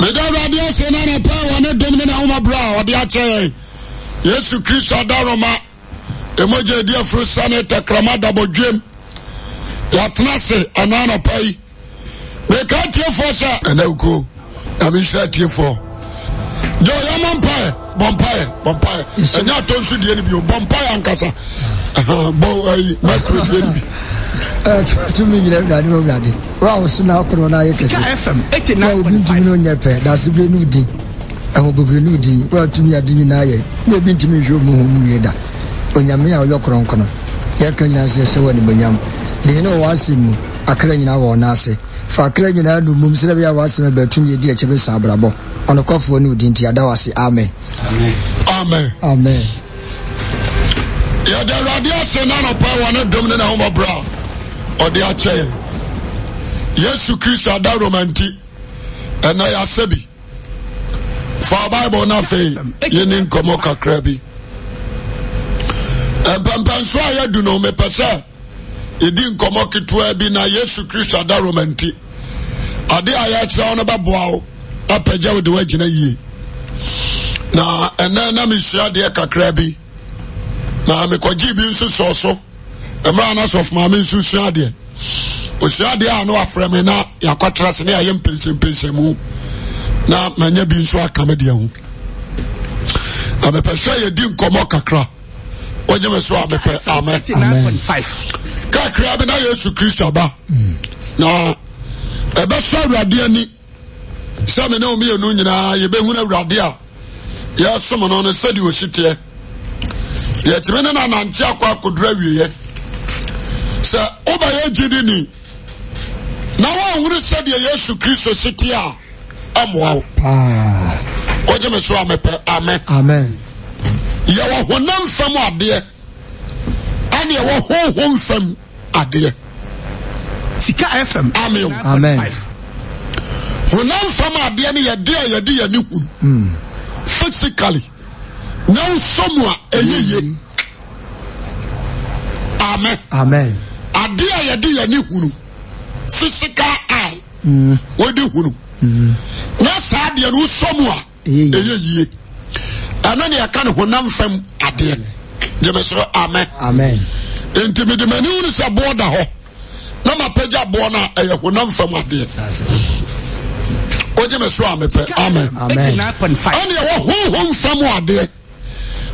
meda awurade ase na anapa wɔne dom ne nahoma berɛ a ɔde akyɛ yesu kristo adaroma ɛmɔgya adi afuro sane takrama dabɔdwam yɛatena ase ɛna anapa yi meka atiefoɔ sɛ ɛnɛ ko namenhyira atiefoɔ gye ɔyɛ ma mpaɛ bɔmpaɛ bɔmpaɛ ɛnyɛ atɔ nso deɛ no bio bɔmpaɛ ankasa bɔ ayi makuro deɛ no bi tumi nyina wulade wa wulade wa wo so na akorɔ no ayɛ kɛse na obi no nyɛ pɛ daasebire no din ahobobire no din wa tumi ade na nhwɛ mu ho da onyame a ɔyɛ korɔnkorɔ yɛka nyinaa sɛ wɔ nebonyam deɛ ne mu akra nyinaa wɔ ɔno fa akra nyinaa no a wɔasɛm yɛdi akyɛ bɛsa abrabɔ ɔnokɔfoɔ ne nti ada wase amen na anɔpa wɔ ne dom ne ne a ɔde akyɛ yesu kristo adaroma nti ɛnɛ yɛasɛ bi fa bible no afei yɛne nkɔmmɔ kakra bi mpɛmpɛnso a yɛadu no mepɛ sɛ yɛdi nkɔmmɔ ketewa bi na yesu kristo adaroma nti ade a yɛakyerɛ wo no bɛboa wo apɛgya wo de woagyina yie na ɛnɛ na mesua deɛ kakra bi na mekɔgyee bi nso sɔɔ so mmerɛ no sɔfo maame nso sua adeɛ osua adeɛ a na wafrɛ me na yɛakɔtera se ne yɛayɛ mpɛnsɛmpɛnsɛ mu na manya bi nso aka me deɛ ho na mepɛ sɛ yɛdi nkɔmmɔ kakra wogye me so a mepɛ amɛ kakra bi na yesu kristo aba na ɛbɛsɔ awurade ani sɛ me ne wo meyɛnu nyinaa yɛbɛhunu awurade a yɛsom no no sɛdeɛ ɔsi teɛ yɛtumi ne na nante akɔ akɔdura awieɛ sɛ wobayɛ gyidini na woahunu sɛdeɛ yesu kristo si te a ɛmmoa wo wogye me so a mepɛ amen yɛwɔ honam fam adeɛ ɛne ɛwɔ honhom fam adeɛ sika fm amen amen honam fam adeɛ ne yɛde a yɛde yɛne hu hmm. physically na wosɔ mu a ɛyɛ ye amen amen ade a yɛde yɛne hunu physical eye mm. hunu mm. na saa adeɛ no wosɔ mu a ɛyɛ yie ɛno ne yɛka ne honam fam adeɛ gyeme so amɛ enti mede m'ani wunu sɛ boɔ da na mapagya boɔ no a ɛyɛ honam fam adeɛ wogye me so a mepɛ amɛ ɛne ɛwɔ honhom fam adeɛ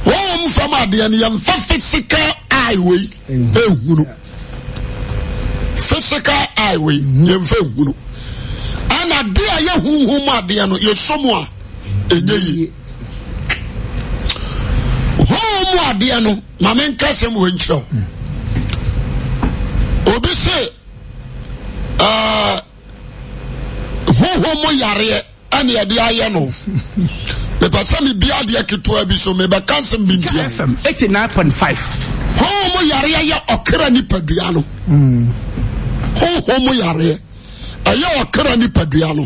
honhom fam adeɛ no yɛmfa physical eye wei mm. physical highway yɛmfa hunu ɛna de a yɛ huhum adeɛ no yɛsɔ mu a ɛnyɛ e yie hoo mu adeɛ no maame menka wɔ nkyerɛ obi se hoho ah, mu yareɛ ɛne yɛde ayɛ no mepɛ sɛ adeɛ ketewa bi so mebɛka nsɛm bi hoho mu yareɛ yɛ ɔkra nipadua no hmm. honhom mu yare, ɛyɛ ɔkra nipadua no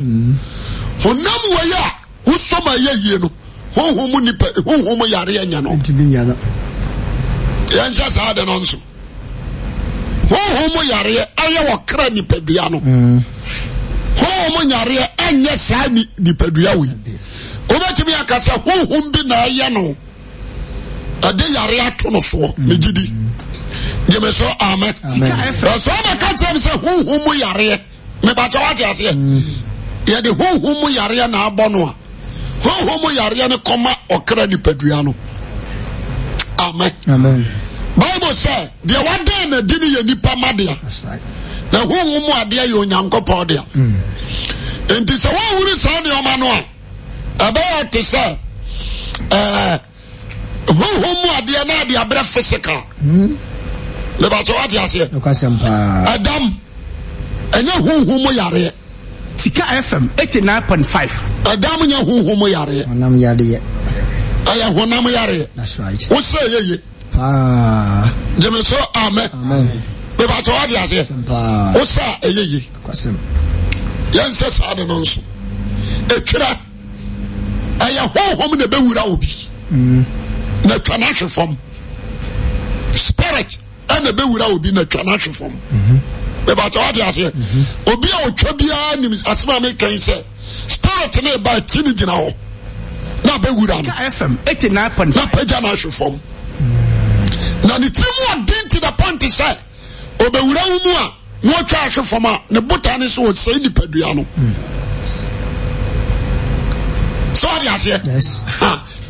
honam wɔyɛ a wosɔm a ɛyɛ yie no honhom mu nipa honhom mu yareɛ nya no yɛnhyɛ saa de no nso honhom mu yareɛ ɛyɛ ɔkra nipadua no honhom mu yareɛ ɛnyɛ saa nipadua wei wobɛtumi aka sɛ bi na ɛyɛ no ɛde yareɛ ato no soɔ megye gyeme so amen ɛso ama ka kyerɛ me sɛ honhom mu yareɛ ti woate aseɛ yɛde honhom mu yareɛ na abɔ no a honhom mu yareɛ ne kɔma ɔkra nipadua no amen bible sɛ deɛ wadɛn na di no yɛ nipa ma dea na honhom mu adeɛ yɛ onyankopɔn dea mm. enti sɛ woahuru saa nneɔma no a ɛbɛyɛ te sɛ honhom mu adeɛ na di abrɛ physical mm mebatɛ wate aseɛ ɛdam ɛnyɛ honhom mu yareɛ sika fm 89.5 ɛdam nyɛ honhom mu yareɛ ɛyɛ honam yareɛ wo sɛ yɛye gyeme so amɛ mebatɛ wate aseɛ wo sɛ a ɛyɛye yɛnsɛ saa de no nso ɛtwerɛ ɛyɛ honhom na ɛbɛwura wo bi mm. na twa fam spirit ɛna bɛwura obi na twa n'ahwe fam bɛbɛ atwa wate aseɛ obi a otwa biara nim asem a meka sɛ spirit ne ba ti ne gyina hɔ na bɛwura no na pagya n'ahwe fam na ne tirim mu ɔden to the point sɛ obɛwura oh, wo mu a na ɔtwa ahwe fam a ne bota ne so ɔsɛe nipadua no sɛ wade aseɛ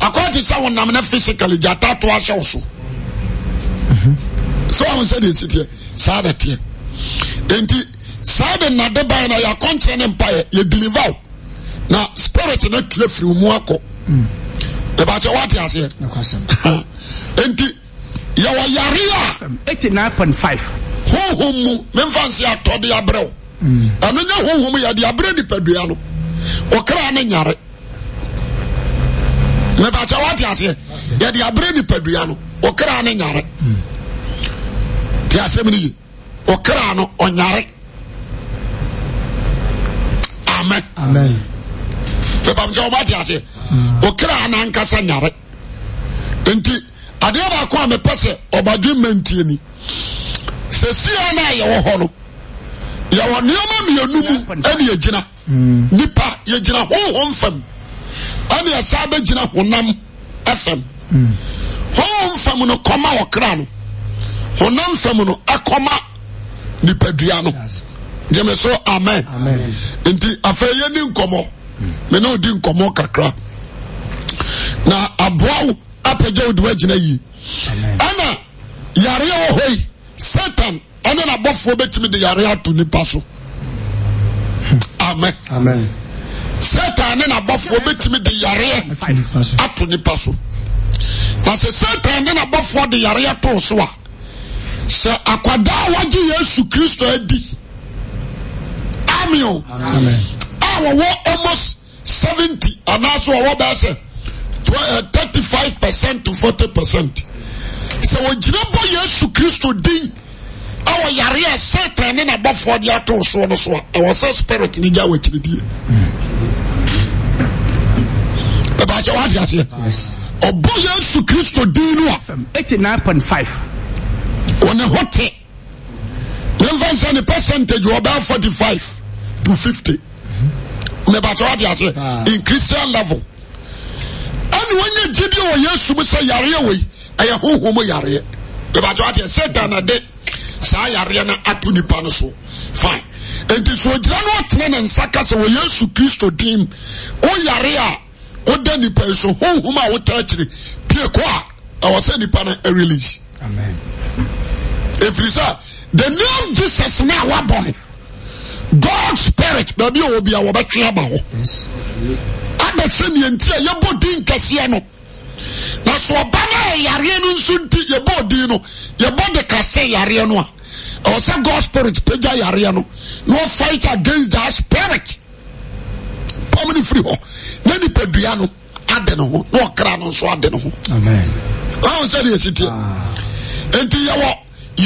akɔte sɛ wonam no physically gyata to ahyɛ wo so sɛ wahu sɛ deɛ ɛsiteɛ saa de teɛ enti saa de nnade bae na yɛakɔnkyerɛ ne mpaeɛ yɛdeliver wo na spirit hmm. no atua firi wo mu akɔ ɛbakyɛ woate aseɛ enti yɛwɔ yare hmm. a honhom mu memfa nse atɔde abrɛ wo ɛno nyɛ honhom yɛde abrɛ nipadua no wɔkra ne nyare mebakyɛ woate aseɛ yɛde abrɛ nipadua no wɔkra ne nyare hmm. te asɛm mm. no ye ɔkra no ɔnyare amɛ fɛpam sɛ ɔmate aseɛ ɔkra no ankasa nyare Nti adeɛ baako a mepɛ sɛ ɔbadwe mantie ni sɛ sia no a yɛwɔ hɔ no yɛwɔ nneɛma mmienu mu ɛne yɛgyina mm. nipa yɛgyina honhom fam ɛne yɛsa bɛgyina honam fam mm. honhom fam no kɔma ɔkra no honam sɛm no ɛkɔma nipadua no gyeme so amen nti afei yɛni nkɔmmɔ me ne odi nkɔmmɔ kakra na aboa wo apagya wo de woagyina yi ɛna yareɛ wɔ hɔ yi satan ɛne nabɔfoɔ bɛtumi de yareɛ ato nipa so amen satan ne nabɔfoɔ bɛtumi de yareɛ ato nipa so na sɛ satan ne nabɔfoɔ de yareɛ too so a sɛ akwadaa wagye yesu kristo adi amio a wɔwɔ almost seventy anaasɛ wɔwɔ bɛɛ sɛ eh, thirty five percent to forty percent sɛ wɔgyina bɔ yesu kristo din ɛwɔ yare a satan ne n'abɔfoɔ de ato soɔ no so a ɛwɔ sɛ spirit ne gya wɔakyiri die bɛbaakyɛ wɔade aseɛ ɔbɔ yesu kristo din no a five wɔne ho te yɛmfa sɛ ne percentage wɔbɛa 45 to 50 mebakyɛ wade ase ah. in christian level ɛne wɔnyɛ gyidie wɔ yesu mu sɛ yareɛ wei ɛyɛ honhom yareɛ mebakyɛ wade satan de saa yareɛ no ato nipa no so fine enti sɛ ogyina no ɔtena ne nsa ka sɛ wɔ yesu kristo dim woyare a woda nipa yi so honhom a wotaa akyire pie kɔ a ɛwɔ sɛ nipa no Amen. ɛfiri sɛ the name jesus na a wabɔ no god spirit baabi a wɔ a wɔbɛtwe aba hɔ abɛ sɛ neanti a yɛbɔ din kɛseɛ no na sɛ ɔba no a yareɛ no nso nti yɛbɔ din no yɛbɔ de kase yareɛ no a ɛwɔ sɛ god spirit pagya yareɛ no na ɔfight against that spirit pɔm no firi hɔ na nipadua no ade ne ho na ɔkra no nso ade ne ho amen ahu sɛdeɛ ɛsitie enti ah. yɛwɔ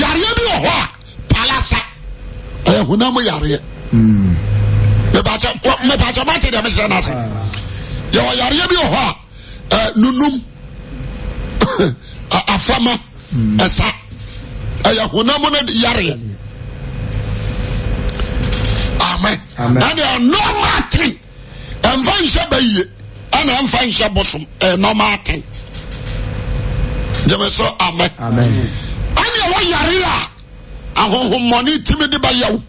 yareɛ bi wɔ hɔ a palasa ɛyɛ honam yareɛ mepaakyɛ mate deɛ mehyerɛ no ase ah. yɛwɔ yareɛ bi wɔ hɔ a nunum afama hmm. ɛsa ɛyɛ honam no yareɛ amen ɛne ɛnɔma aten ɛmfa nhyɛ bayie ɛna ɛmfa nhyɛ bosom ɛnɔma aten gyeme Amen. amen a wɔyare a ahonhommɔne timi de bɛyɛ wo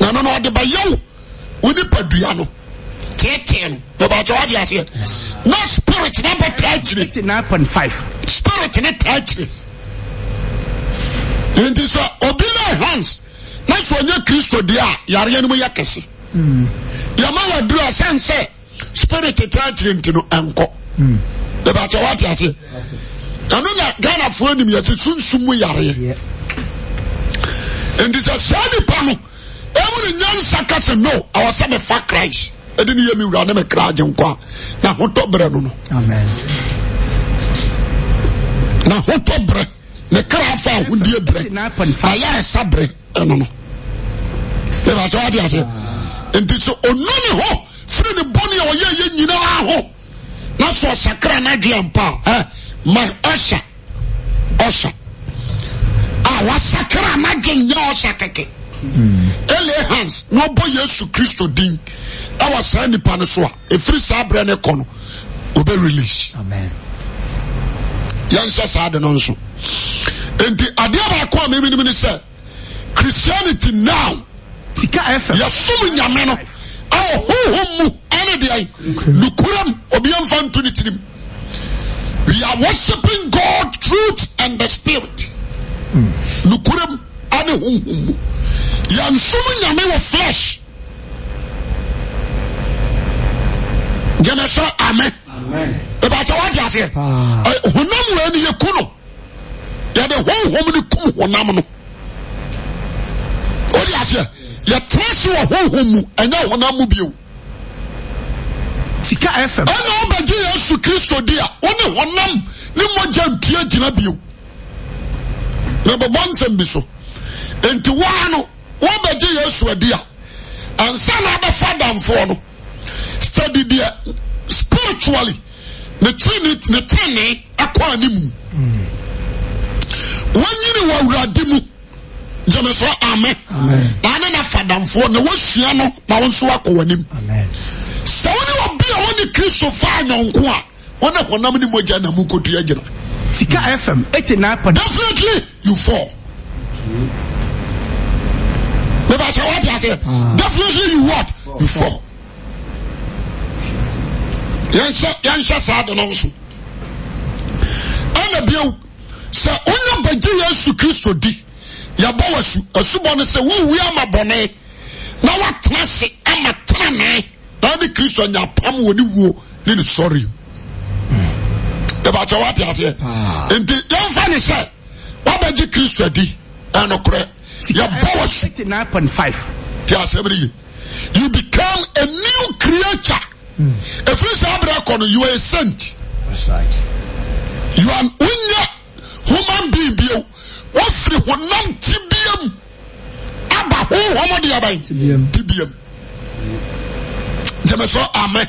na no na ɔde bɛyɛ wo wo nipadua no tiɛtiɛ no bɛbaakyɛ wade aseɛ na spirit na bɛtaa kyire spirit ne taa kyire nti sɛ obi no hands na sɛ ɔnyɛ kristo deɛ a yareɛ no mu yɛ kɛse yɛma waduru a sɛn sɛ spirit taa kyire nti no ɛnkɔ bɛbaakyɛ wade aseɛ ɛno na ghanafoɔ anim yɛsɛ sunsum mu yareɛ enti sɛ saa nipa no ɛmu ne nyansa ka sɛ no ɛwɔ sɛ mefa christ ɛde ne yɛ me wura ne mekra agye nkɔ a na berɛ no no na berɛ ne kra fa ahodeɛ berɛ ayaresa berɛ ɛno no ɛbɛkyɛ wade aseɛ enti sɛ ɔnu ne hɔ firi ne bɔne a ɔyɛ yɛ nyinaa ho na sɛ ɔsakra no adwea eh? ma ɔhyɛ ɔhyɛ a wasakra anadwen yɛ ɔhyɛ kɛkɛ ɛle hans na ɔbɔ yesu kristo din ɛwɔ saa nnipa no so a ɛfiri saa berɛ ne kɔ no ɔbɛ release yɛnhyɛ saa de no nso enti adeɛ baako a meminim ne sɛ christianity now yɛsom nyame no ɛwɔ honhom mu ɛne deɛn nokuram obiamfa nto ne tirim we are worshiping God, truth, and the spirit. Nukurem ane humhumu. Yansumu nyame wɔ flesh. Gyene sɛ amen. Ebakyɛ wate aseɛ. Honam wɔ ani yɛ ku no. Yɛde honhom ne no. Odi aseɛ. Yɛtena se wɔ honhom mu ɛnyɛ honam mu bio. sika fm. ɛna ɔbɛgye yesu kristo di a wɔne wɔnam ne mmɔgya mpie gyina bio na bɛbɔ nsɛm bi so nti waa no wɔbɛgye yesu adi a ansa na abɛfa damfoɔ no study deɛ spiritually ne tirini ne tirini akɔ animu wɔnyini wɔ awurade mu gyeme so amen na ne na fa damfoɔ na wɔsua no ma wɔn nso akɔ wɔn anim sɛ wɔn ne kristo faa nyɔnko a wɔn a wɔnam ne mogya na mu kotua sika fm eighty nine point. definitely you fall. bébà sɛ wọ́n ti ah. definitely you what you fall. yɛn hyɛ yɛn hyɛ saa de n'awo so ɛna biewu sɛ onye bɛgye yesu kristo di yɛbɔ wɔ su esubɔ ne sɛ wuwu ama bɔnɛ na watena se ama tena naanị kristo nya apam wɔ ne wuo ne ne sɔre ɛbɛkyɛ wate aseɛ ah. nti yɛmfa ne sɛ wabɛgye kristo adi ɛnokorɛ yɛbɔ wɔ so asɛm no ye you become a new creature ɛfiri hmm. saa berɛ kɔ no you are a saint you are wonyɛ human being bio wofiri honam tibiam aba hohɔmɔ de abɛn tibiam gyeme so amɛ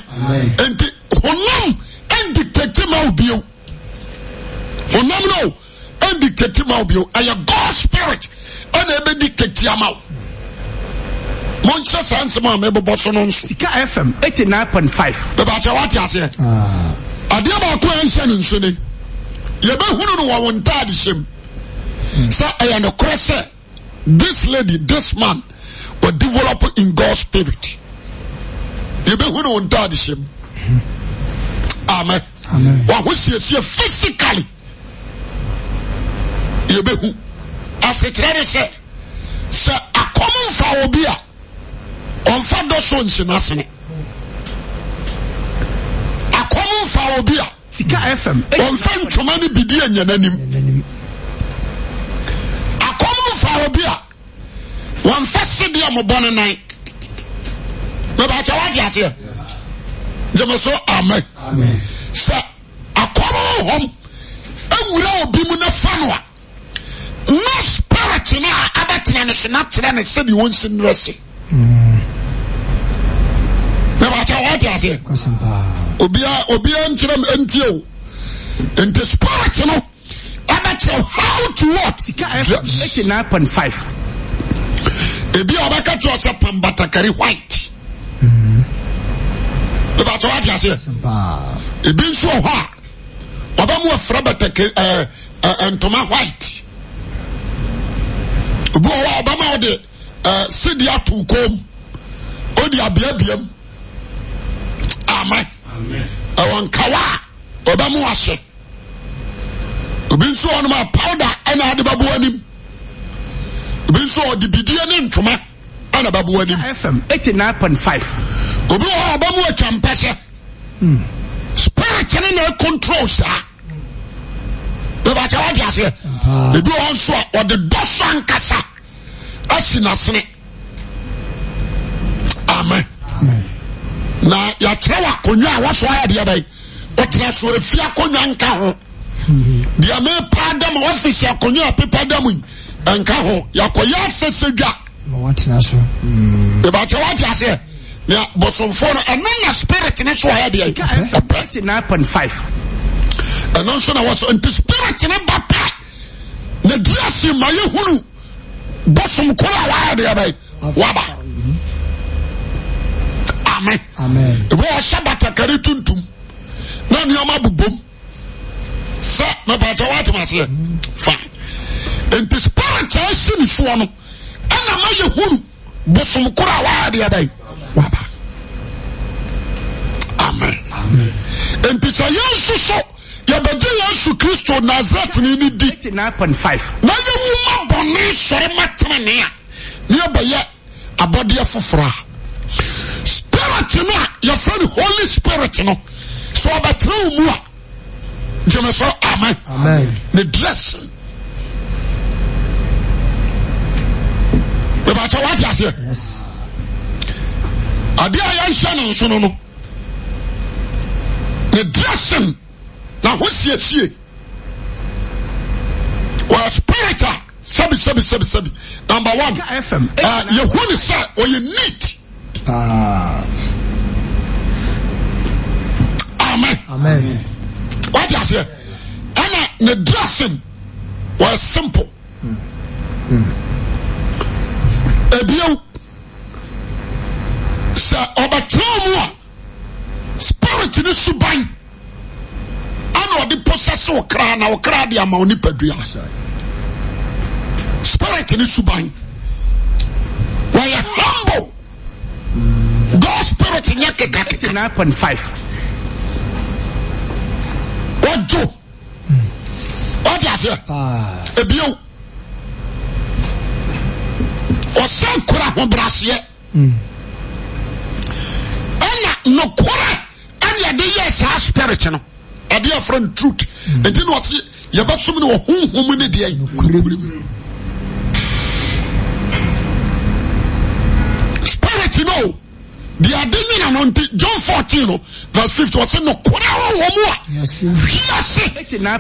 nti honam ɛndiktate ma wo bio honam no ɛndiktate ma wo bio ɛyɛ god spirit ɛna ɛbɛdi kati ama wo monhyɛ saa nsɛm a mɛbobɔ so no nso sika fm 89.5 bɛbaakyɛ woate aseɛ ah. adeɛ baako a ɛnhyɛ no nso ne yɛbɛhunu no wɔ wo ntaade hyɛm hmm. sɛ ɛyɛ nokorɛ sɛ this lady this man were developed in god spirit yɛbɛhu ne wo ntaade hyɛ m amɛ waho siesie physically yɛbɛhu asekyerɛ ne sɛ sɛ akɔm mfa wɔ bi a ɔmfa dɔ so nhye n'asene akɔm mfa wɔ bi a ɔmfa ntwoma no bidi anya n'anim akɔm mfa wɔ bi a wɔmfa sedeɛ mobɔ ne nan mɛbɛkyɛ wagye aseɛ gyeme o amɛ sɛ akɔm hɔm awura obi mu ne fa no a na spirit não a abɛtena ne so na kyerɛ ne sɛdeɛ wɔnsi nnerɛ se mɛbɛkyɛ wagye aseɛ obiaa nkyerɛ ntie o nti spirit no abɛkyerɛ how to what sika ɛfɛ 89.5 ebi a ɔbɛka kyerɛ sɛ pambatakari white bíbá tí wàá di aseɛ ebi nso wɔ hɔ a ɔbɛ mu afra bɛtɛkɛ ɛɛ ɛɛ ntoma white obi wɔ hɔ a ɔbɛ mu ɔde ɛɛ sidi ato kɔn ɔde abiabia amen ɛwɔ nkawa a ɔbɛ mu ahyɛ obi nso wɔ no a powder ɛna ade bɛ bu anim obi nso wɔ dibidie ne ntoma. 5b mɛaps sirine na acntrolaainaea aam ahoɛssɛa wɔtena so. ìbàtí wọ́n ti aseɛ yà bọ̀sọ̀fọ́ no ɛnu na spirit ni so ayé deɛ. ɛpɛ nine point five. ɛnu nso nti spirit ni ba pɛ na di ase ma ye hunu bọ̀sọ̀m koro a wayɛ deɛ bɛ waba. amen. ebi wɔ hyɛ batakari tuntum na nneɛma bubom sɛ na bàtà wọ́n ti ma seɛ fa nti spirit a ɛsi ni soɔ ɛa mpisɛ yɛnsuso yɛbɔgye yesu kristo nasaret non di5 na yɛwu ma bɔnesɛre mateanea na yɛbɔyɛ abɔdeɛ foforɔ spirit no a yɛfrɛ ne holy spirit no sɛ ɔbɛterao mu a gyenes aman ne dress bàtà wà á ti àṣẹ. adeɛ a yɛnhyɛ no nso no no ne dressing na ho siesie wɔ spirit a sɛbi sɛbi sɛbi sɛbi number one yɛhu ne sɛ ɔyɛ neat ah. amen wate aseɛ ɛna the dressing wɔyɛ simple hmm. Hmm ebio sɛ ɔbɛtena mu a spirit ne suban ana ɔde posɛse wo kra na wo kra de ama wo nipadua spirit ne suban wɔyɛ humble god spirit nyɛ kekakeka 9.5 wɔdwo ɔde aseɛ ebio Ose akora an braseye. An nan akora an yade yes a spirit an. A dey afran truth. Dey din wase, yabat soumine wou houn houn mwen dey. Spirit an nou. Dey ade mwen an an ti. John 14, verse 15, wase nan akora an wou mwen.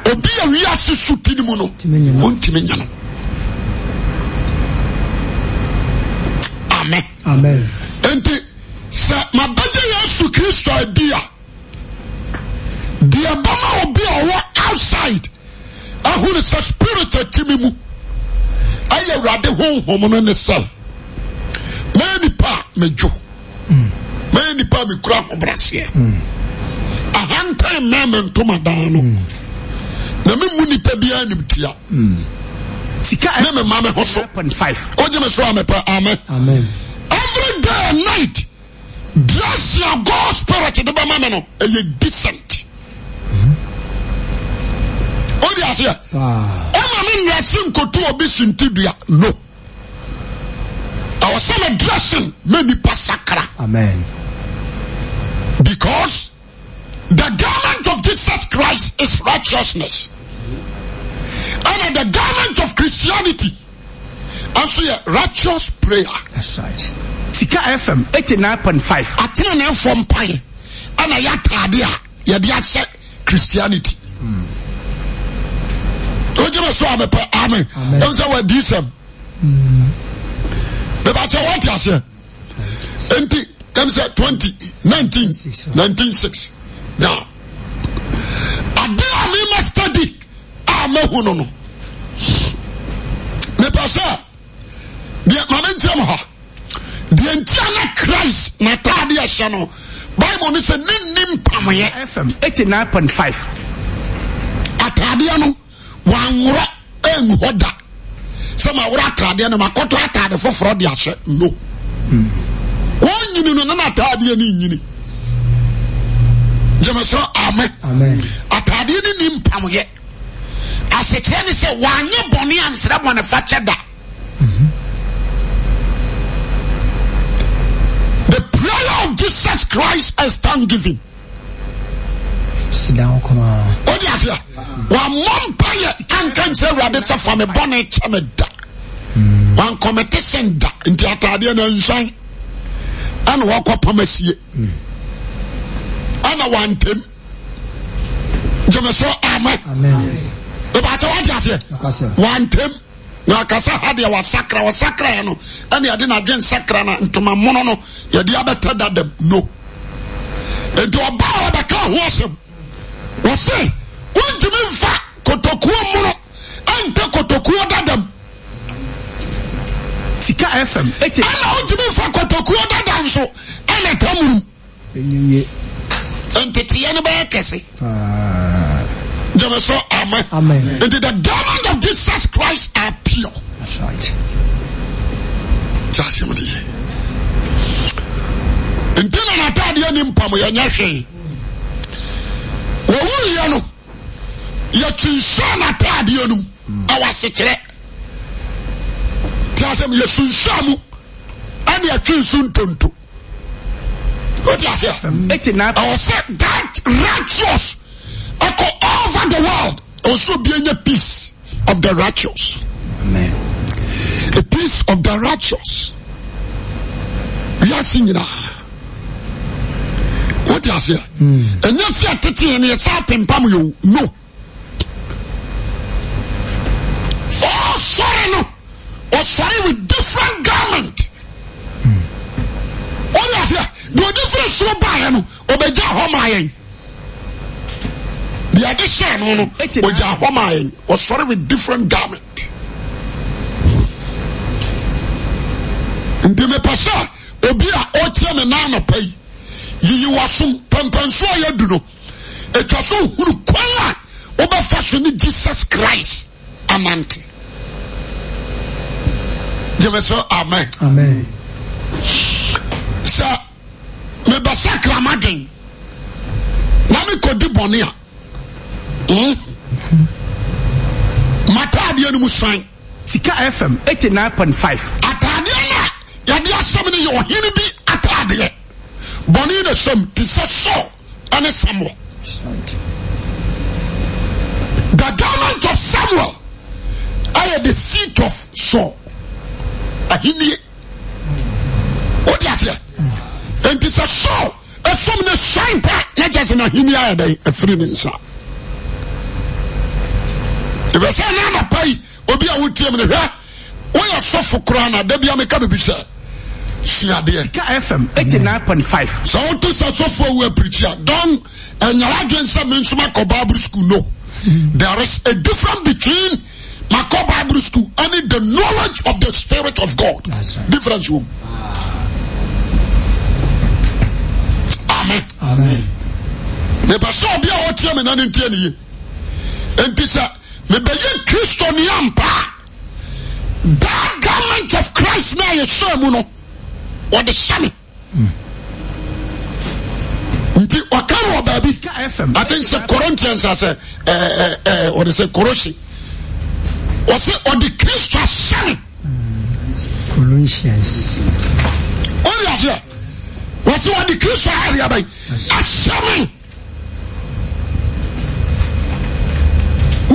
Ou biye wiyase soute di moun nou. Moun ti men jan nou. amen enti sɛ mabɛgye yesu kristo adi a deɛ bɛma obi a ɔwɔ outside ahunu sɛ spirit atumi mu ayɛ awurade honhom no ne sɛw maa nipa medwo maa nipa a mekura ahobraseɛ ahantan mmaa me ntomadan no na memu nipa biara nimtia sika ne me ma ho so wogye me so a mepɛ amen every day and night dress your god spirit de bɛma me no ɛyɛ decent wode aseɛ ɔma me nnɛse nkoto obi sente dua no ɛwɔ sɛ me dressing ma nnipa sakra amen because the garment of jesus christ is righteousness ɛna the garment of christianity ɛnso a righteous prayer. that's right. sika fm eighty nine point five. from mpae ɛna yɛ ataade a yɛde ahyɛ christianity. ogyina so amepɛ amen ɛmu sɛ wɔ adi sɛm bɛbàkyɛ wɔn ti aseɛ nti ɛmu sɛ twenty nineteen nineteen six now adi a mi ma study a ma hu no no mepɛ sɛ deɛ mamenkyerɛm ha deɛ ntia na christ nataade ahyɛ no bible ne sɛ ne nni mpamoyɛ fm 89.5 ataadeɛ no wanworɔ angu hɔ da sɛ maworɔ ataadeɛ no makɔtɔ ataade foforɔ de ahyɛ no wɔn nyini no na na ataadeɛ no nyini gyeme sɛ amɛ ataadeɛ no ni asekyerɛ ne sɛ wanyɛ bɔne ansrɛ bɔnefa kyɛ da the prayer of jesus christ is thanksgiving wode aseɛ wammɔ mpayɛ anka nkyerɛ awurade sɛ fa me bɔne kyɛ me da wankɔmete sen da nti ataadeɛ no anhyɛn ɛna wɔkɔpam asie ɛna wantem gyeme so amen, amen. bàtà wà di aseɛ wà na kasa ha deɛ wà sakra wà sakra yɛ no ɛna yɛde n'adwen sakra na ntoma mono no yɛde abɛtɛ dadam no nti ɔbaa a ɔbɛka ho asɛm wɔsi wɔntumi nfa kotokuo mono ɛntɛ kotokuo dadam. sika fm ete. ɛna wɔntumi nfa kotokuo dadam nso ɛna tɛ muru. nteteɛ no bɛyɛ kɛse. There is no amen. Amen. Indeed, the diamond of Jesus Christ are pure. That's right. Charge him the nti na n'ataadeɛ not mpam yɛnyɛ will wɔwuruyɛ no yɛkyinhyia n'ataadeɛ no mu ɛwɔ asekyerɛ te asɛm yɛsunhyia mu ɛne yɛtwe nsu ntonto wote aseɛ ɛwɔ sɛ that righteous ɛkɔ over the world also be in a peace of the righteous. Amen. A peace of the righteous. We are singing What do you say? Hmm. And you see a titty and you sap and pam you. know. Oh, sorry, no. Or oh, sorry with different garment. Hmm. What do you say? No difference so by him. Obey Jahomah. O jan waman en O sori with different garment Mbi me pasa O bi a otye menan apay Yiyi wason penpenso E chason O be fasyoni Jesus Christ Amante Je me so amen Amen Sa Me basa klamaden Nami kodi boni ya Mm-hmm. mataadeɛ no mu san sika fm 89.5 ataadeɛ na yɛde asɛm no yɛ ɔhene bi ataadeɛ bɔne na sɛm te sɛ saul ɛne samuel the government of samuel ɛyɛ the seat of saul ahennie wode aseɛ enti sɛ saul ɛsɛm no san pa na kyɛ sɛ no ahennie ayɛ dɛn afiri ne nsa Debe se nan apay Obya wot teme ne Oya sof ukrana Debya mekade bise Sinade Sa ote sa sof woye pritia Don E nyalajen se mensu mako babri sku No There is a different between Mako babri sku Ani the knowledge of the spirit of God Difference wou Amen Mepa se obya wot teme nan ente ni Ente se mbɛyɛ kristo nneampaa dat garement of christ ne ayɛsɛamu no ɔde hyɛme nti wɔka ne baabi atink sɛ corintians asɛɔdesɛ korosy ɔ sɛ ɔde kristo ahyɛmedkt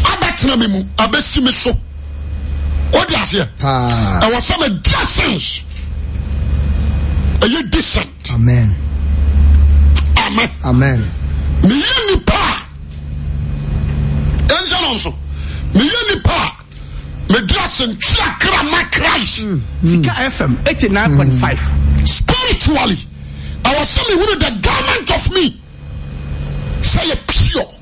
abɛtena me mu abɛsi me so wode aseɛ ɛwɔ sɛ medra sense ɛyɛ decent amen amen amen meyɛ nipa a ɛnhyɛ no nso meyɛ nipa a medra sentwea kra ma christ sika hmm. fm 89.5 hmm. spiritually ɛwɔ sɛ mehunu the garment of me sɛ yɛ pure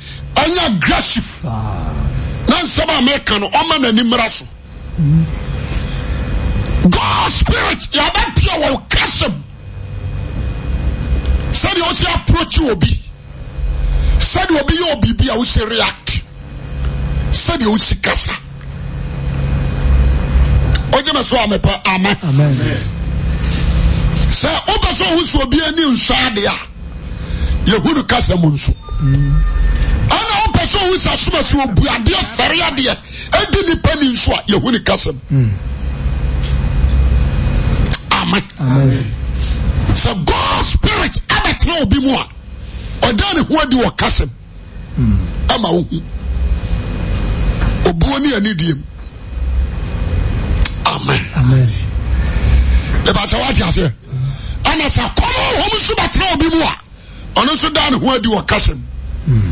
ɛnyɛ aggressive na nsɛm a meka no ɔma n'animmara so god spirit yɛbɛpia wɔ kasɛm sɛdeɛ wosɛ approachi obi sɛdeɛ obi yɛ obibi a wosɛ react sɛdeɛ wosi kasa wogyeme so a mepɛ ama sɛ wopɛ sɛ wohu obi ani nsɔ adeɛ a yɛhunu kasa mu nso mm. pɛ sɛ owu sɛ asoma so obu adeɛ fɛre adeɛ ɛdi nipa ni nso a yɛhu ne kasɛm hmm. amen sɛ god spirit abɛtena obi mu a ɔda ne ho adi wɔ kasɛm hmm. ama wohu obuo ne anidiem amen ɛbɛkyɛ woate aseɛ ana sɛ kɔma hom so bɛtena obi mu a ɔno nso da ne ho adi wɔ kasɛm hmm.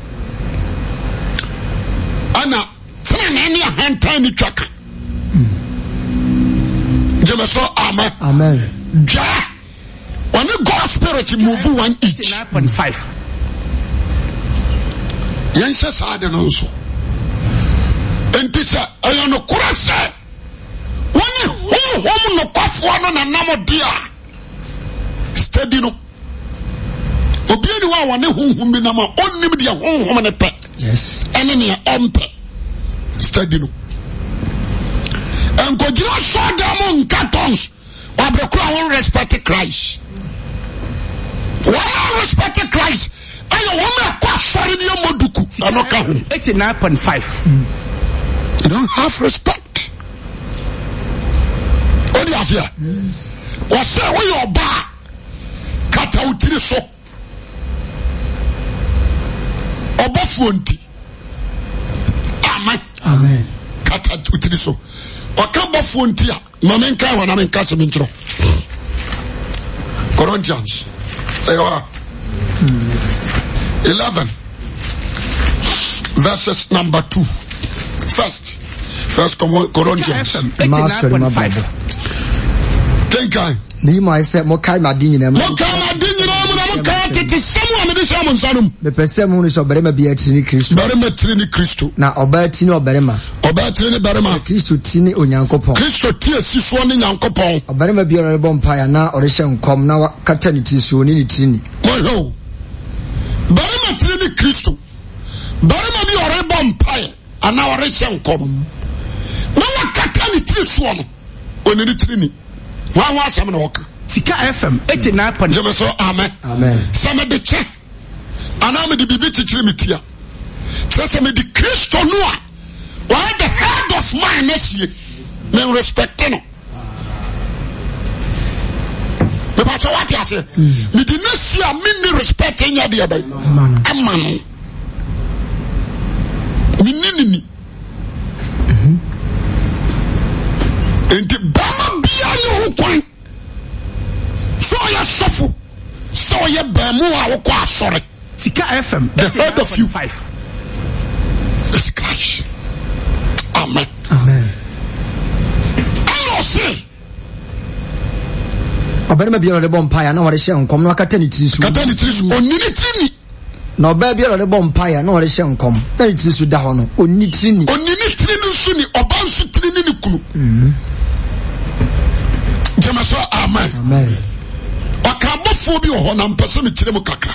bɔne ahantan ne twaka gyeme so amen dwa ɔne god spirit move one each yɛnhyɛ saa de no nso enti sɛ ɛyɛ nokorɛ sɛ wone honhom nokɔfoɔ no nanam de a stadi no obiani hɔ a wɔne honhom bi nam a ɔnnim deɛ honhom no pɛ ɛne ɔmpɛ study no nkɔgyina sɔɔ dan mu nka tons wabɛkura wɔn respect christ wɔn a respect christ ɛyɛ wɔn a kɔ asɔre ni ɛmɔ duku ɛnɔ ka ho. eighty nine point five. you don't have respect. o de aseɛ wɔsɛ wɔyɛ ɔbaa kata o tiri so ɔbɔ fuonti amen. kata tiri so ɔka bɔfoɔ nti a ma menka hɔ na menka sɛ menkyerɛ corinthians ɛyɛ eh, hɔ 11 verses number 2 first first corinthians master my bible kenkan ne yi ma sɛ mokae made nyinaa mo tete sɛm a mede sɛ mo nsa no mu mepɛ sɛ mu sɛ ɔbarima bia tiri ne kristo barima tiri ne kristo na ɔbaa ti ne ɔbarima ɔbaa tiri ne barima kristo ti ne onyankopɔn kristo ti asi ne nyankopɔn ɔbarima bia ɔrebɔ mpaeɛ na ɔrehyɛ nkɔm na wakata ne ti suo ne ne tiri ni mɔhwɛ o barima tiri ne kristo barima bi ɔrebɔ mpaeɛ anaa ɔrehyɛ nkɔm na wakata ne tiri soɔ no ɔne ne tiri ni wɔn a asɛm na wɔka si ka FM 89.7. Je me so, amen. Se me de che, anan me di bibiti chri mi kia. Se se me di kristonua, wane de head of man nesye, men respekte nou. Mepa chowati a se, mi di nesye a min mi respekte nye diye bayi. Eman. Mi non? ninini. Mm-hmm. En di bama biya yo ukwant. sɛ ɔyɛ sɔfo sɛ ɔyɛ baamu a wokɔ asɔre sika fm the head of you is christ amen amen ɛna ɔse ɔbɛrima biara ɔde bɔ mpaeɛ na wɔde hyɛ nkɔm na wakata ne tiri so kata ne na ɔbaa biara ɔde bɔ mpaeɛ na wɔde hyɛ nkɔm na ne tiri so da hɔ no ɔni tiri ni ɔni ne tiri ni nso ni ɔba nso tiri ni ne kunu jɛmɛ sɛ amen amen ɔka abɔfoɔ bi wɔ hɔ na mpɛ sɛ mekyerɛ mu kakra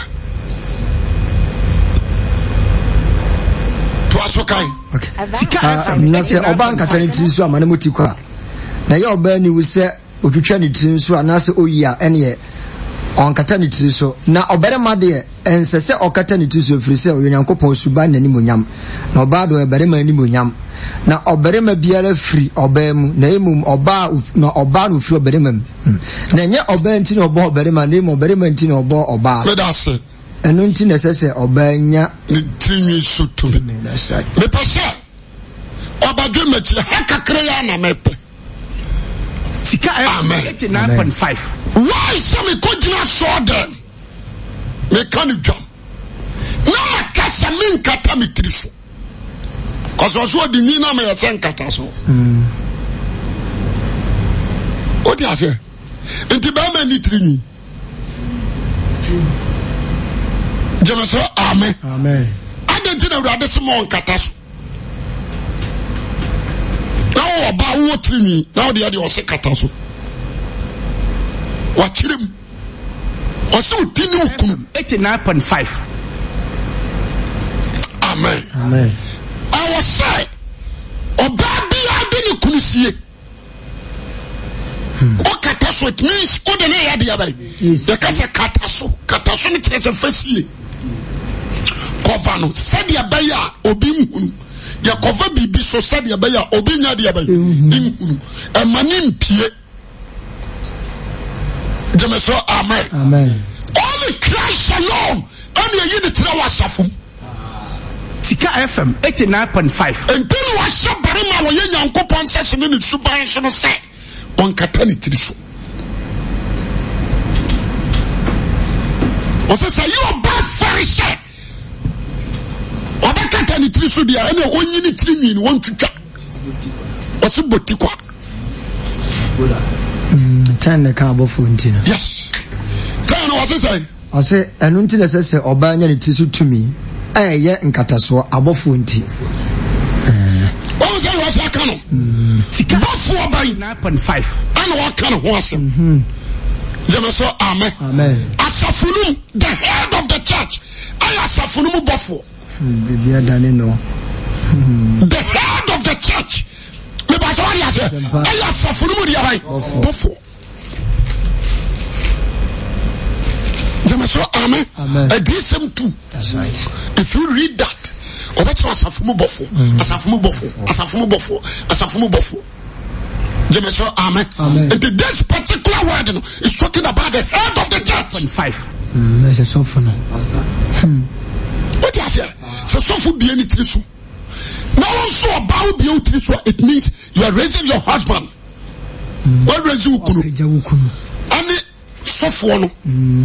toa so kan na sɛ ɔba nkata ne tiri so ama ne mɔti kɔ a na ɛyɛ ɔbaa ni wo sɛ ɔtwitwa ne tiri so anaasɛ ɔyi a ɛneɛ ɔnkata ne tiri so na ɔbarima deɛ ɛnsɛ sɛ ɔkata ne tiri so ɛfiri sɛ ɔyɛ onyankopɔn suba n'animonyam na ɔbaa deɛ ɔyɛ barima animonyam na ɔbarima biara firi ɔbaa mu na emu ɔbaa na ɔbaa no firi ɔbarima mu hmm. na nyɛ ɔbaa nti na ɔbɔ ɔbarima na emu ɔbarima nti na ɔbɔ ɔbaa. meda ase. ɛnu nti na ɛsɛ sɛ ɔbaa nya. ne tirinwi so tumi mepɛ sɛ ɔbadwe mɛkyerɛ ha kakra yɛ ana mɛpɛ. sika ɛyɛ eh, eighty nine point five. wáyé sami kò gyina sɔɔ dɛ mɛ kan ni jɔ n'a ma kasa mi nkata mi tiri so kɔsɔsɔ ɔdi nwi na ma yɛ sɛ nkata so hmm. o ti ase nti bɛrima ni tiri nwi jɛmɛsɛ amen adan ti na awurade sɛ ma ɔ nkata so na wɔ ɔba wɔ tiri nwi na ɔde ɛde ɔsɛ kata so wakyerɛ mu ɔsɛ ɔti ne okunu. eighty nine point five. amen. amen. amen ɛwɔ sɛ ɔbaa biara de ne kunu sie hmm. ɔkata so it means ɔde ne yɛ adeɛ bɛyɛ yɛka sɛ kata so kata so no kyerɛ sɛ fa sie kɔfa no sɛdeɛ bɛyɛ a obi nhunu yɛkɔfa biribi so sɛdeɛ bɛyɛ a obi nya adeɛ bɛyɛ ne nhunu ɛma ne mpie gyeme so amen only Christ alone ɛne ɛyi ne tirɛ wɔ asafo mu Sika FM 89.5 Enkele wache bari maloyen yanko panse Sine nitsu bayan chanose Wan kata nitrisu Ose se yo ban farise Wan kata nitrisu diya Enye o nye nitri nye nou an tuka Ose boti kwa Chande hmm, kanbo foun tine Yes Kande wase se An untine se se o bayan nye nitrisu tume ɛyɛ nkatasoɔ abɔfoɔ nti wọn sẹ wọn sẹ aka no bọfọ ọban ẹna ọka ne ho ase mhm. yẹmẹ sọ amen asafunum the head of the church ẹyẹ asafunum hmm, bọfọ. bibi adani nọ. Hmm. the head of the church mibasa wa di ase ẹyẹ asafunum di yaba yi bọfọ. jẹmẹsọ amen ẹdínsẹm tu if you read that ọbẹtẹ asafunmu bọfọ mm-hmm. asafunmu bọfọ asafunmu bọfọ asafunmu bọfọ jẹmẹsọ amen and this particular word no, is talking about the head of the church. ẹ ṣe sọfún náà. o ti a ṣe ṣe sọfún bíi ẹni tiri sùn na wọn sọ ọba wo ẹni tiri sùn it means you are raising your husband wọn raising wukunu ẹni sọfún ọ no.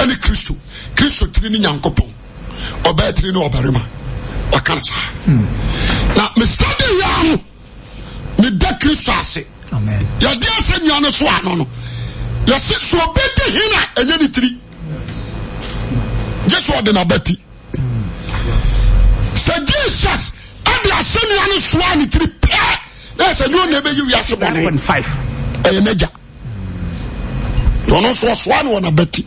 ɛne kristo kristo tiri ne nyankopɔn ɔbɛɛ tiri ne ɔbarima ɔka no saa hmm. na mesade yɛa no meda kristo ase yɛde asɛ nnua no so ano no yɛse so ɔbɛdi hene a ɛnyɛ ne tiri gye so ɔde nabati sɛ jesus ade asɛnnua no soa ne tiri pɛɛ na ɛsɛ ne ɔna ɛbɛyi wiase bɔne ɛyɛ n'agya ɔno nso ɔsoa no wɔ nabati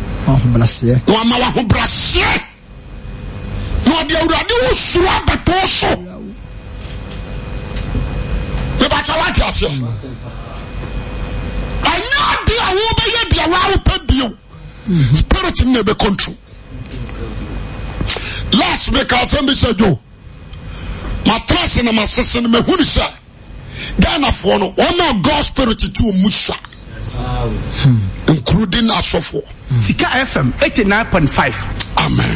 ahobraseɛ na wama wahobraseɛ na ɔde awurade wo suro abɛto so mebata woate aseɛ ɛnyɛ ade a wobɛyɛ deɛ woa wopɛ bio mhm. spirit no na ɛbɛcontrol last week asɛm bi sɛ dwo matrase na masese no mahunu sɛ ghanafoɔ no wɔma god spirit to mu sa hmm. including asɔfoɔ Mm. sika fm eighty nine point five. amen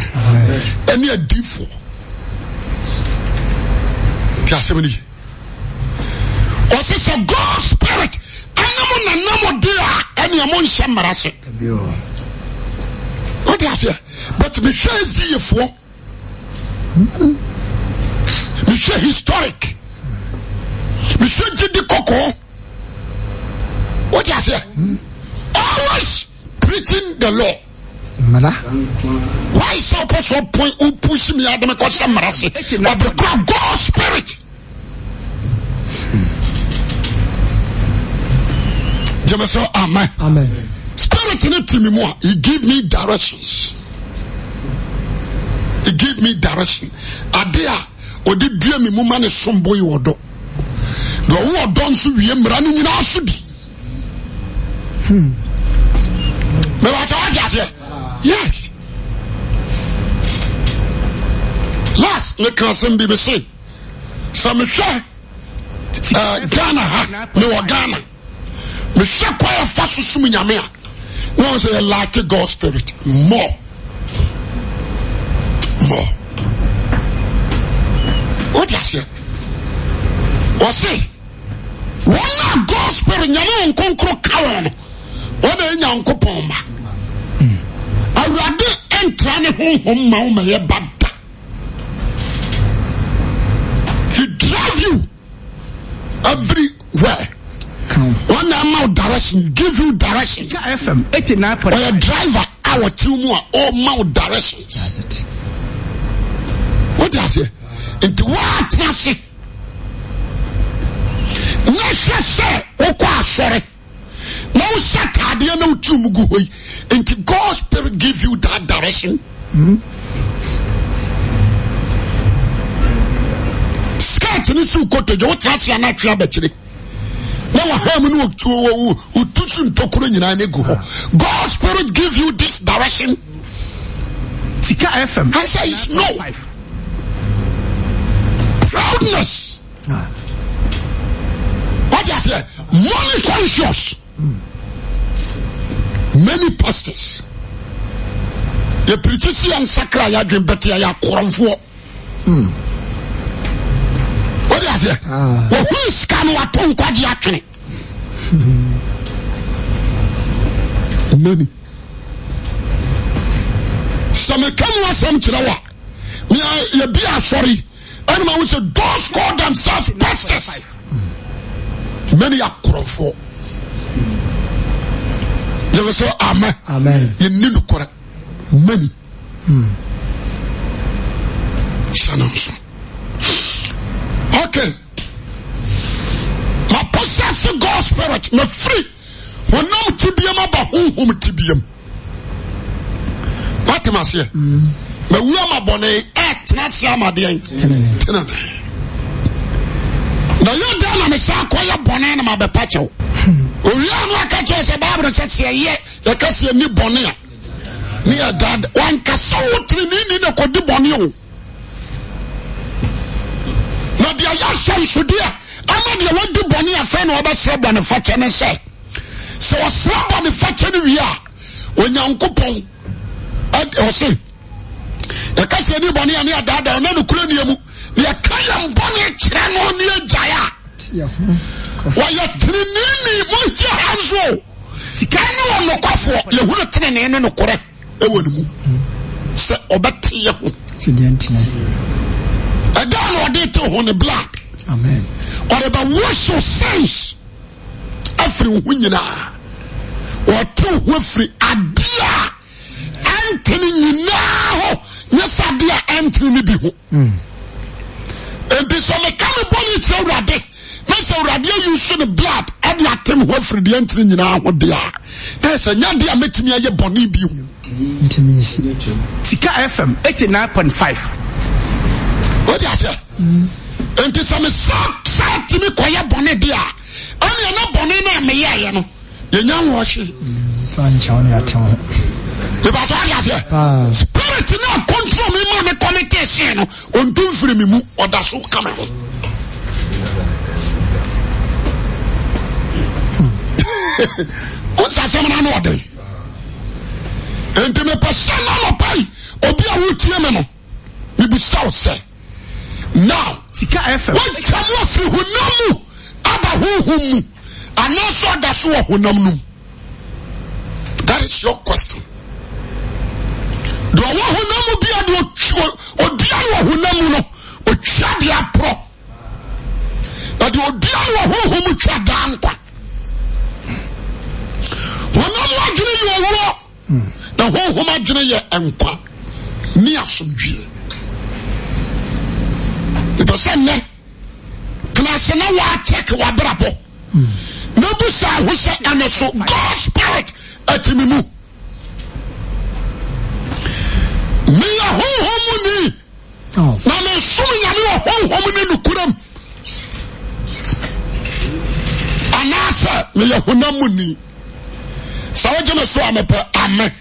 ɛni ɛdinfo ti asɛm ni ɔsi sɛ god spirit ɛnamu nanamu di a ɛni ɛmu nhyɛ mmara se o de aseɛ but mi hwɛ ezi yɛ foɔ mi hwɛ historic mi hwɛ gidi kɔkɔɔ o de aseɛ always. preaching the law. mmara. why sọ ọpọ sọ pọn o push mi adamu kọ sẹ mmara si ọbẹ kura God's spirit. jẹmẹ hmm. sọ amen. amen. spirit in it to me more. he give me directions. he give me direction Adia, odi dua mi mu ma ne sombo yi wɔ dɔ na ɔwɔ dɔ nso wie mmara no nyinaa so Hmm. Me wache wache asye. Yes. Last, le kansen BBC. Sa me chè, eh, Ghana ha, me wache Ghana. Me chè kwa yon fasyo soumi nyan me a. Wan se laki God Spirit. Mo. Mo. O di asye. O se. Wan la God Spirit nyan moun kou kou kawon. Wan e nyan kou pomba. awurade ntra ne hohom ma wo mayɛ bada ye drive you everywere na maw direction gve yo directionsy driver owtew mu a ɔrmmawo directionsntiworatena se nɛhwɛ sɛ wokɔ asɔre wohyɛ ataadeɛ na wotiri mu gu hɔ yi nti god spirit give you that direction hmm? skirt ne si wokotodwa wotena aseɛ no atwe abɛkyere na waham ne wɔtuo wɔtu su ntokuro nyinaa no gu hɔ god spirit give you this direction sika fm answer is no proudness ah. what is here money conscious mm. an t yɛprisɛnsakra yɛdw ayɛrɔfoɔ ɛ hi ska n watonkae atwenean sɛ meka m asɛm kyerɛ wa yɛbia sɔre ana s dos cal themselves pasts hmm. anaɔfoɔ veux dire amen yẹn ní nukurẹ mẹni ça nous. ok ma possess God spirit na free honam tibiam aba honhom tibiam wate ma seɛ ma wu ama bɔne ɛtena se amadeɛ tenane na yɛ da me sa kɔyɛ bɔne na mabɛpa owia no aka kyerɛ sɛ bible sɛ sɛ yɛ yɛka sɛ ni bɔne a ne yɛ dada wankasa wo tirinini na kɔdi bɔne o na deɛ yɛ ahyɛnsodeɛ ama deɛ wadi bɔne a fɛ na wɔbɛsrɛ bɔnefakyɛ ne sɛ sɛ wɔsrɛ bɔnefakyɛ no wie a onyankopɔn ɔse yɛka sɛ ni bɔne a ne yɛ dada ɔna nokura nea mu na yɛka yɛ mbɔne wɔyɛ teneneeni mɔnkye ha nso sika ne wɔ nokwafoɔ yɛhunu tenene ne nokorɛ ɛwɔ ne mu sɛ ɔbɛteyɛ ho ɛda na ɔde te ho ne blood ɔde bɛwash your sins afiri wo ho nyinaa ɔte ho afiri adeɛ a ɛntene nyinaa hɔ nyɛ sɛ adeɛ a ɛntene no bi ho nti sɛ meka me yi kyerɛ awurade na sɛ awurade ayi so ne blood ɛde atem hɔ afiri deɛ ntiri nyinaa ho deɛ a na sɛ nya deɛ a mɛtumi ayɛ bɔne bi ho sika fm 89.5 wode aseɛ enti sɛ mesaa saa tumi kɔyɛ bɔne deɛ a ɛneɛ na bɔne no a meyɛɛyɛ no yɛnya nwɔhye nípa sọ ọ́dí aseɛ spirit náà kọ́ntúrò mi mọ́ mi kọ́ mi tẹ̀ sí ẹ̀ no ọ̀ntún firi mi mu ọ̀dà so kàmẹ́ hó. wosi asɛm no ano ɔden enti mepɛ sɛ na obi a wotie me no mebusa wo sɛ now mu afiri honam mu aba honhom mu anaasɛ ɔda wɔ honam no that is your question Do ɔwɔ honam mu bia deɛ ɔdua no wɔ honam mu no ɔtwa deɛ aporɔ na deɛ ɔdua wɔ honhom mu twa daa nkwa honam adwene yɛwɔwro hmm. na hɔnhom adwene yɛ ɛnkwa ne asomdwie i pɛ sɛ nnɛ kna hmm. sɛ na waacyɛkɛ wabrabɔ nabu saa ho sɛ ɛne so god spirit atimi mu meyɛ honhɔm muni oh. na me nsom nyane wɔ honhom ne nokuram anaasɛ meyɛ honammuni sɛ wogye me so a mepɛ ame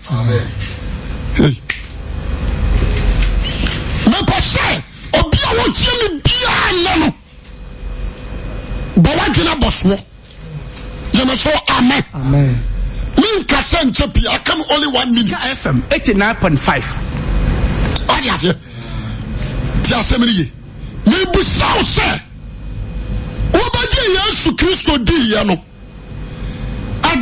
mepɛ sɛ obi a wɔtie me biaa nnɛ no bɔ woadwene bɔ soɔ gye me so ame menka sɛ nkyɛ pii aka only one minute fm 89.5 ɔde aseɛ ti asɛm no ye mebusa wo sɛ wobɛgye yesu kristo diiɛ no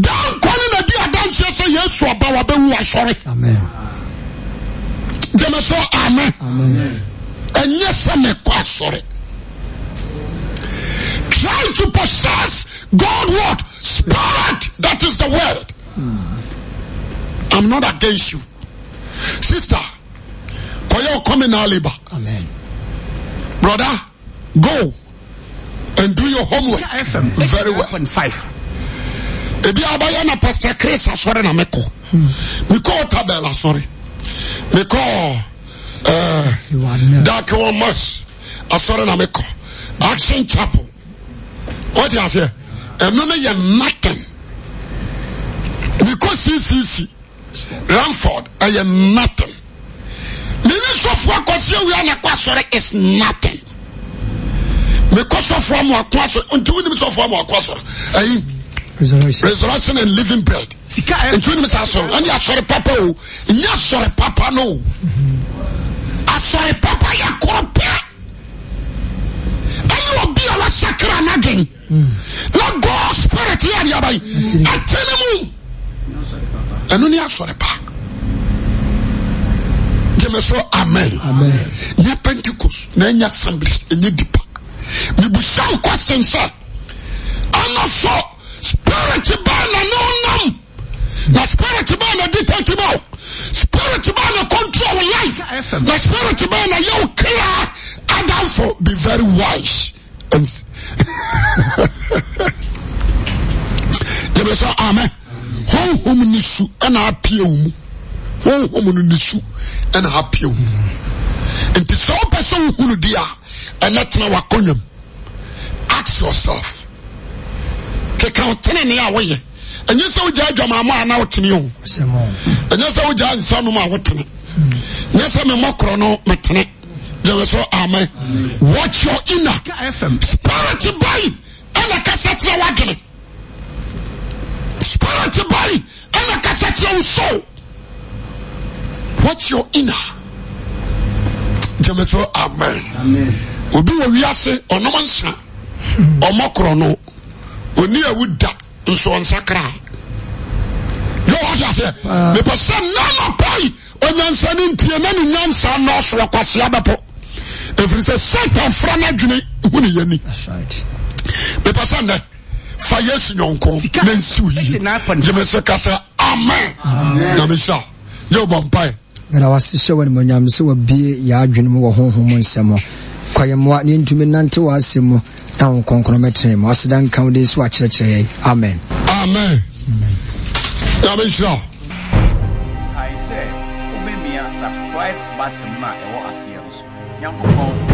dankwa ne nadi adanseɛ sɛ yesu aba wabɛwu asɔre amen ɛnyɛ sɛ asɔre try to possess God what spirit that is the word I'm not against you sister kɔyɛ communal labor amen brother go and do your homework yeah, very well 5 ebi abayɛ na pastor chris asɔre na mekɔ mekɔ tabel asɔre mekɔ ɛɛ eh, dark one mosque asɔre na mekɔ action chapel wɔte aseɛ ɛno no yɛ nothing mekɔ ccc ramford ɛyɛ eh, nothing mene sɔfoɔ akɔsi awia na kɔ asɔre is nothing mekɔ sɔfoɔ mu akɔ asɔre nti wonim sɔfoɔ mu akɔ asɔre ɛyi. Eh, resurrection, resurrection and living bread. sika ẹ ntu ni mi sa asọrọ ẹni asọrọ papa o ẹni asọrọ papa no asọrọ papa yẹ kọ pẹ ẹni obi a wasakira anagin na god spirit yẹ adiaba yi ẹtí ni mu ẹnu ni asọrọ pa jẹmẹ sọ amen nye pentikos na enye assemblies enye dipa mibusa question sẹ ọnà sọ. spirit baa na no ɔnam na spirit baa na di take bɔ spirit baa na control life na spirit baa na clear okira adamfo be very wise. yɛbɛ sɛ amɛ honhom ne su ɛna apia wo mu honhom no ne su ɛna apia wo mu nti the wopɛ sɛ wohunu deɛ a ɛnɛ tena wakɔnwam ask yourself keka wo tenene a woyɛ ɛnyɛ sɛ wogya adwamaama a na wotene o ɛnyɛ sɛ wogya nsa nom a wotene hmm. nyɛ sɛ memmɔ korɔ no metene gyeme so amen watch your inner spirit bai ɛna kasa kyerɛ woadwene spirit bai ɛna kasa kyerɛ wo soul watch your inner gyeme so amen obi wɔ wiase ɔnom nsa hmm. ɔmɔ korɔ no oni a woda nso ɔnsa kraa yɛwɔsɛ sɛ ah. mepɛ sɛ nana pai onyansa no ntie na ne nyansa nɔɔsoɔ kwasea bɛpo ɛfiri sɛ satan fra no adwene hu ne yɛni mepɛ sɛ nnɛ fa yɛasi nyɔnko na nsi wo yie gyeme sɛ ka sɛ amen nyamehyira yɛwobɔ mpae ɛna wasehyɛ wanimuonyam sɛ wabie yɛadwene mu wɔ honhom nsɛm kwayɛmmoa ne yɛntumi nante w'asɛm mu na wo nkɔnkɔn mɛtene mu aseda nka wode so wakyerɛkyerɛ yɛn amen amen nyamenhyira button na ɛwɔ aseɛ no so nyankopɔn